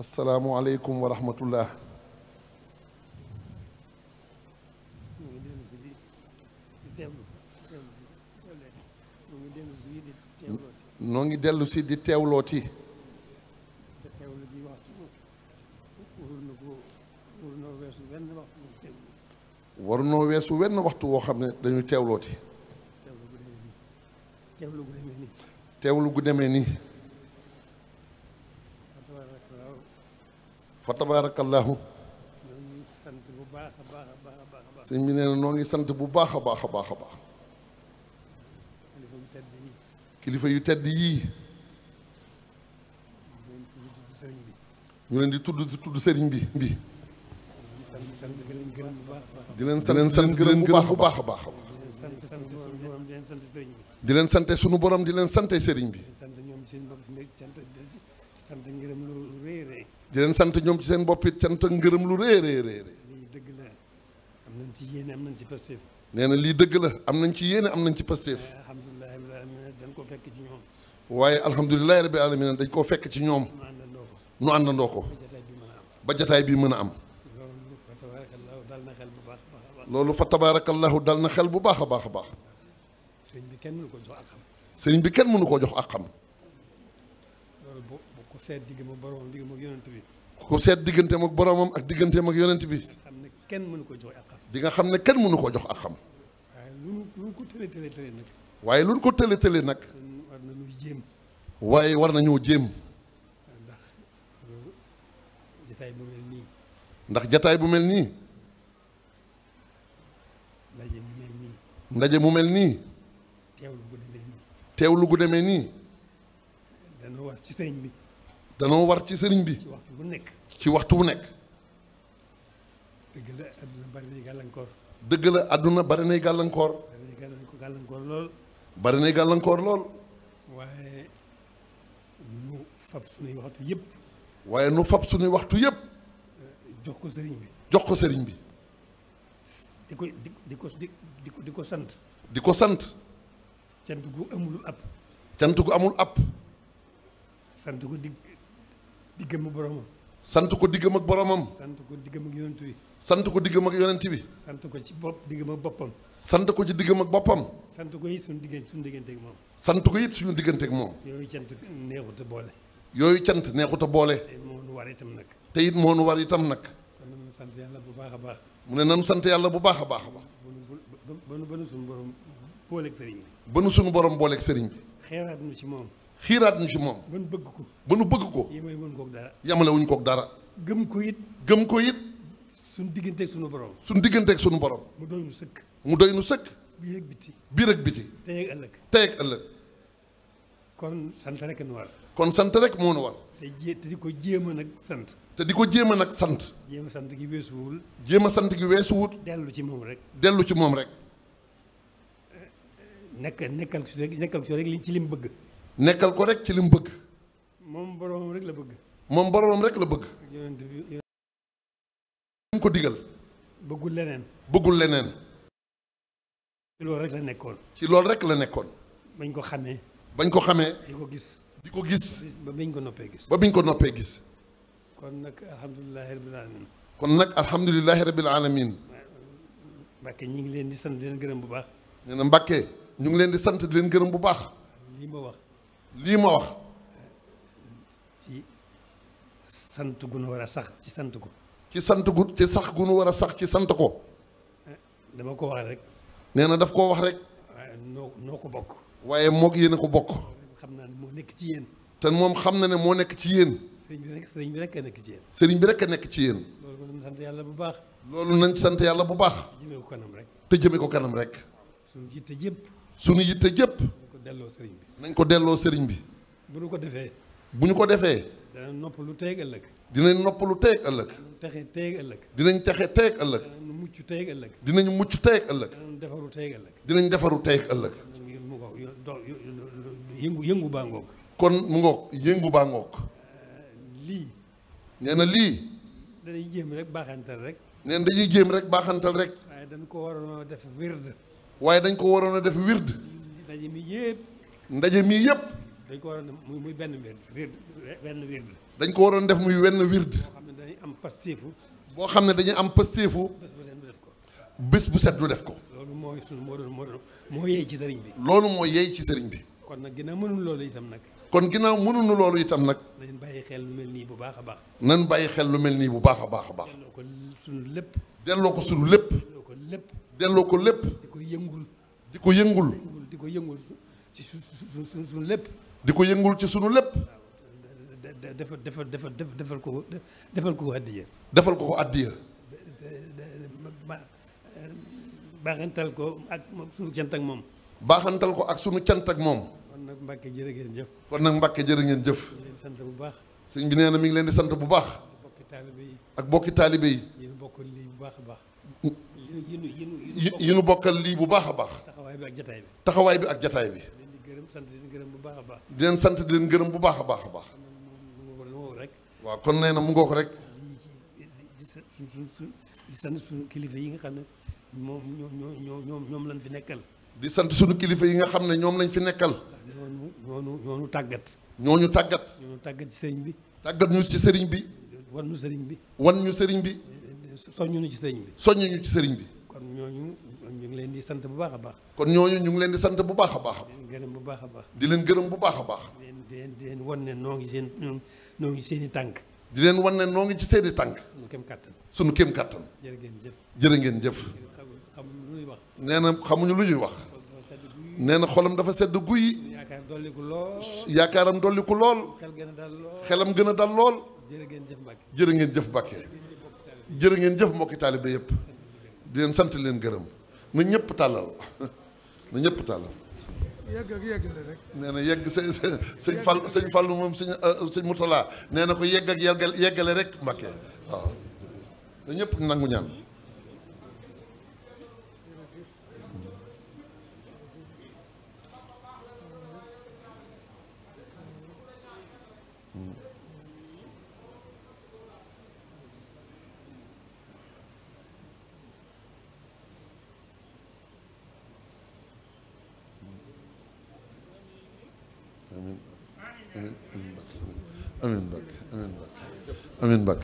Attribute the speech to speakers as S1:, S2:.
S1: asalaamualeykum wa rahmatullah noo ngi dellu si di teewlooti war weesu wenn waxtu woo xam ne dañu teewlooti teewlu gu deme nii fa tabaarakallaahu sëñ bi nee na noo ngi sant bu baax a baax baax a baax kilifa yu tedd yii ñu leen di tudd di tudd sëriñ bi bi
S2: di leen sant gërëm bu baax a baax a baax
S1: di leen sante sunu borom di leen sante sëriñ bi
S2: sant ñoom seen bopp sant ngërëm lu rëy rëy di sant ñoom ci seen bopp it cant ak ngërëm lu rëy rëy rëy. lii la am nañ ci yéene am nañ ci pasteef.
S1: nee na lii dëgg la am nañ ci yéene am nañ ci pasteef. alhamdulilah
S2: rabbil alamin dañ koo fekk ci ñoom.
S1: waaye alhamdulilah rabbil alamin dañ koo fekk ci ñoom. nu àndandoo ko nu àndandoo ko. ba jataay bi mën a am. loolu fa tabaarakallahu dal na xel bu baax a baax a baax.
S2: sëriñ bi kenn mënu ko jox ak xam.
S1: sëriñ bi kenn mënu koo jox ak xam.
S2: ku seet diggam ak boromam diggam ak yonent bi. ku seet
S1: digganteem ak boromam ak digganteem ak yonent bi. xam ne
S2: kenn mënu ko jox ak xam.
S1: di nga xam ne kenn mënu ko jox ak xam. waaye
S2: lu lu ko tële tële tële nag.
S1: waaye lu ko tële tële nag.
S2: war nañoo jéem.
S1: waaye war nañoo jéem.
S2: ndax jataay bu mel nii.
S1: ndax jataay bu mel nii.
S2: ndaje mu mel nii.
S1: ndaje mu mel nii.
S2: teewlu gu demee nii.
S1: teewlu gu demee nii.
S2: danoo war ci sëñ bi.
S1: danoo war ci sëriñ bi. ci waxtu bu nekk. ci waxtu bu nekk.
S2: dëgg la àdduna bari nay
S1: gàllankoor. dëgg la àdduna bari nay gàllankoor. bari nay gàllankoor lool. bari nay gàllankoor lool. waaye nu fab suñuy waxtu yëpp. waaye nu fab suñuy waxtu yëpp. Eh,
S2: jox ko sëriñ bi.
S1: jox ko sëriñ bi.
S2: di ko di ko di di ko sant. di ko sant. cant gu
S1: amul ab. cant gu amul ab. sant gu digg. diggam ak boromam. sant ko diggam ak boromam. sant ko diggam ak yonent bi. sant ko diggam ak yonent bi.
S2: sant ko ci bopp diggam ak boppam. sant ko ci diggam ak boppam. sant ko it suñu diggante suñu diggante ak moom.
S1: sant ko it suñu diggante ak moom.
S2: yooyu cant neexut a boole.
S1: yooyu cant neexut a boole. te it moo
S2: nu war itam nag.
S1: te it moo nu war itam nag. kon
S2: nañu sant yàlla bu baax a baax.
S1: mu ne nañu sant yàlla bu baax a baax a baax.
S2: ba nu ba nu suñu borom booleeg sëriñ bi.
S1: ba nu suñu borom booleeg sëriñ bi.
S2: xeeraat nu ci moom.
S1: xiiraat ñu ci moom. ba bëgg ko. ba nu bëgg ko. yemale wuñ koog dara. yemale wuñ koog dara. gëm ko it. gëm ko it. suñ digganteeg suñu borom. suñu digganteeg suñu borom. mu doy nu sëkk. mu doy nu sëkk. biir ak biti. biir ak biti. tey ak ëllëg. tey ak ëllëg. kon sant rek kon sant rek moo nu war. te di ko jéem a nag sant. te di ko jéem a nag sant.
S2: jéem sant gi weesuwul.
S1: jéem a sant gi weesuwul.
S2: dellu ci moom rek.
S1: dellu ci moom rek. nekk nekkal ci rek nekkal ci rek ci li mu bëgg. nekkal ko rek ci li bëgg.
S2: moom boromam rek la bëgg.
S1: moom boromam rek la bëgg.
S2: mu ko digal. bëggul leneen.
S1: bëggul leneen. ci loolu rek la nekkoon. ci loolu rek la nekkoon. bañ ko xamee. bañ ko xamee. di ko gis. di ko gis. ba biñ ko noppee gis. ba biñ ko noppee gis.
S2: kon nag alhamdulilah rabbil alamin.
S1: kon nag alhamdulilah rabbil alamin.
S2: Mbacke ñu ngi leen di sant di leen gërëm bu baax.
S1: nee na Mbacke ñu ngi leen di sant di leen gërëm bu baax. lii ma wax. lii ma wax. ci sant gu nu war a sax ci sant ko. ci sant gu ci sax gu nu war a sax ci sant ko. dama ko wax rek. nee na daf koo wax rek.
S2: waaye noo ko bokk. waaye moog yéen a ko bokk.
S1: xam naa ne moo nekk ci yéen. te moom xam na ne moo nekk ci yéen.
S2: sëriñ bi rek sëriñ bi rek a nekk ci yéen.
S1: sëriñ bi rek a nekk ci yéen.
S2: loolu nañ sant yàlla bu baax. loolu nañ sant yàlla bu baax. te jëmee ko kanam rek. te jëmee ko kanam rek. suñu yitte jëpp. suñu yitte delloo
S1: sëriñ bi. nañ ko delloo sëriñ bi.
S2: bu nu ko defee.
S1: bu ñu ko defee.
S2: dinañ noppalu teeg ëllëg.
S1: dinañ noppalu teeg ëllëg. dinañ
S2: texe teeg ëllëg.
S1: dinañ texe teeg ëllëg. dinañ
S2: mucc teeg ëllëg.
S1: dinañ mucc teeg ëllëg. dinañ
S2: defaru teeg ëllëg.
S1: dinañ defaru teeg yëngu yëngu baa ngoog. kon mu ngoog yëngu baa ngoog. lii. nee na lii. dana jéem rek baaxantal rek. neen dañuy jéem rek baaxantal rek.
S2: waaye dañ ko waroon a def wird.
S1: waaye dañ ko waroon a def wird.
S2: ndaje mi yëpp. ndaje mii yëpp. dañ ko waroon def muy benn wird benn wird. dañ ko waroon def muy wenn wird.
S1: boo xam ne dañuy am pastéefu. boo xam ne dañuy am pastéefu. bés bu set du def ko. bés bu set def ko. loolu mooy sunu moo doon moo doon moo yey ci sëriñ bi. loolu moo yey ci sëriñ
S2: bi. kon nag ginnaaw mënuñu loolu itam nag.
S1: kon ginnaaw mënuñu loolu itam nag.
S2: nañ bàyyi xel lu mel nii bu baax
S1: a baax. nan bàyyi xel lu mel nii bu baax a baax a baax. delloo ko sunu lépp. delloo ko sunu lépp. delloo ko lépp. delloo ko lépp. di yëngul. di ko yëngul. di ko yëngul ci su
S2: su suñu lépp.
S1: di ko yëngul ci suñu lépp.
S2: defal defal defal defal ko defal ko ko addiya.
S1: defal ko ko addiya. baaxantal ko ak sunu cant ak moom. baaxantal ko ak sunu cant ak moom.
S2: kon nag Mbacke jërë ngeen jëf. kon nag Mbacke jërë ngeen jëf. di sant bu baax.
S1: sëñ bi nee na mi ngi leen di sant bu baax. ak bokki taalibe yi. yi nu
S2: bu baax a baax. yi yi nu bokkal lii bu baax a baax. taxawaay bi ak jataay bi. taxawaay
S1: bi ak jataay bi. di leen
S2: gërëm sant di leen gërëm bu baax a baax.
S1: di leen sant di leen gërëm bu baax a baax a baax.
S2: waaw kon nee na mu ngoog rek. di sant suñu kilifa yi nga xam ne
S1: moom ñoo ñoom lañ fi nekkal. di sant suñu kilifa yi nga xam ne ñoom lañ fi nekkal. ñooñu ñooñu ñooñu tàggat. ñooñu tàggat. ñooñu tàggat ci sëriñ bi. tàggat ñu ci sëriñ bi.
S2: wan ñu bi.
S1: wan sëriñ bi. soññu ñu ci sëriñ bi. soññu ñu ci sëriñ bi.
S2: di sant bu a baax. kon ñooñu ñu ngi leen di sant bu baax a baax. di
S1: leen gërëm bu baax a baax.
S2: di leen a wan ne noo ngi seen i tànk.
S1: di leen wan ne noo ngi ci seen i tànk. sunu kéem kattan. sunu kéem kattan. jërë ngeen jëf. jërë ngeen jëf.
S2: xamuñu lu ñuy wax.
S1: nee na xamuñu lu ñuy wax. nee na xolam dafa sedd guy.
S2: yaakaar dolliku lool.
S1: yaakaaram dolliku lool.
S2: xel gën a dal lool.
S1: xelam gën a dal lool.
S2: jërë ngeen jëf Mbàkke.
S1: jërë ngeen jëf Mbàkke. jërë ngeen jëf mbokki taalibe yëpp di leen sant leen gërëm na ñëpp tàllal na ñëpp tàllal. yegg rek. nee na yegg sëñ sëñ Fall sëñ Fall moom sëñ euh, sëñ Moutala nee na ko yegg ak yeggal yeggale rek Mbàkke waaw na ñëpp nangu ñaan. amiin amiin Mbacke amiin Mbacke amiin Mbacke
S2: amiin Mbacke